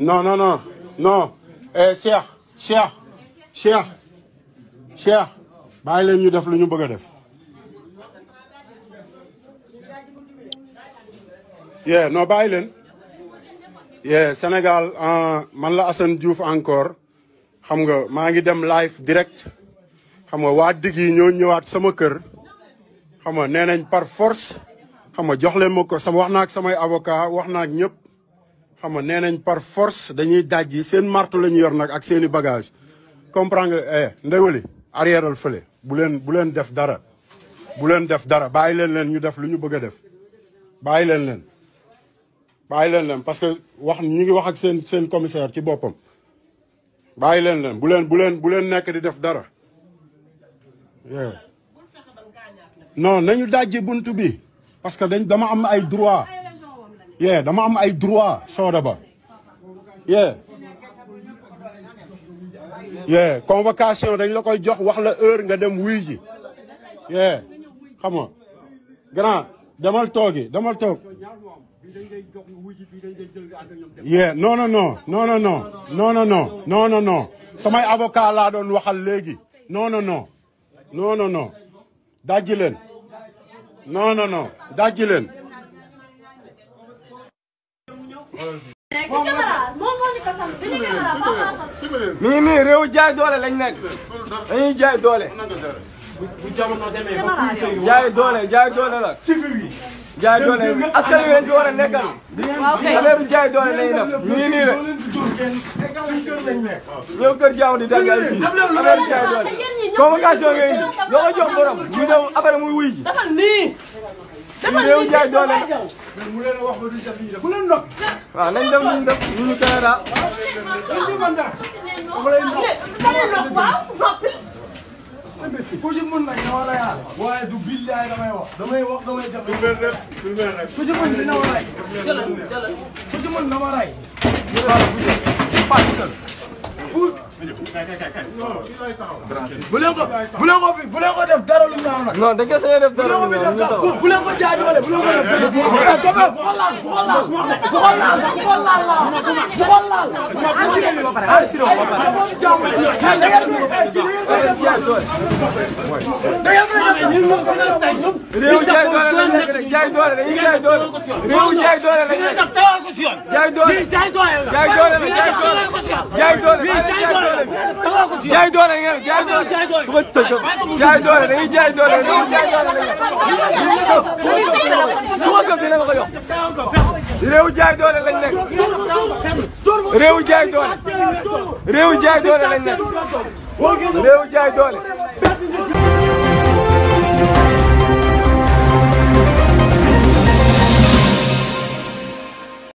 no non non non eh, Cheikh Cheikh Cheikh Cheikh bàyyi leen ñu def lu ñu bëgg a def yeah non bàyyi leen yeah Sénégal ah, man la assen Diouf encore xam nga maa ngi dem live direct xam nga waa digg yi ñoo ñëwaat sama kër xam nga nee nañ par force xam nga jox leen ma ko sama wax naa samay avocat wax naa ak ñëpp xam nga nee nañ par force dañuy dajji seen marto la ñu yor nag ak seeni bagage comprendre nga eh ndewali arrièreal fële bu leen bu leen def dara bu leen def dara bàyyi leen leen ñu def lu ñu bëgg a def bàyyi leen leen bàyyi leen leen parce que wax ñu ngi wax ak seen seen commissaire ci boppam bàyyi leen leen bu leen bu leen bu leen nekk di def dara non nañu dajji bunt bi parce que dañ dama am ay droit yeah dama am ay droit Soda Ba yeah yeah convocation dañ la koy jox wax la heure nga dem wuy ji yeah xam nga grand demal toogi demal toog yeah non non non non non non non non non non non samay avocat laa doon waxal léegi non non non non non leen non non non leen nii nii réew jaay doole lañ nekk dañuy jaay doole. jaay doole jaay doole la. jaay doole askan wi di war a nekkal. affaire jaay doole lañuy def nii nii rek. ñëw kër jaaw di dagg ay fii affaire jaay doole. convocation yooyu loo ko jox borom mu dem après muy wuy ji. dama réew jaay doole mu leen wax ba duñ def ñu def bu leen nokk waaw nañ dem ñu def ñu ñu Canada ku ci mën nag na war a yaar waaye du billaay damay wax damay wax damay def ku ci mën dina war a rey ku ci mën dama rey bu leen ko bu leen ko bu leen ko def dara lu ñaaw nag. non da ngeen sañ def dara lu ñaaw bu bu leen ko jaajëfale bu leen ko def. bu ko laal bu ko laal bu ko laal bu ko laal bu ko laal. réew jaay doole lañ nekk de jaay doole la jaay doole. réew jaay doole lañ nekk de jaay doole jaay doole jaay doole jaay doole jaay doole jaay doole dañuy jaay doole réew jaay doole lañ nekk réew jaay doole réew jaay doole lañ nekk léew jaay doole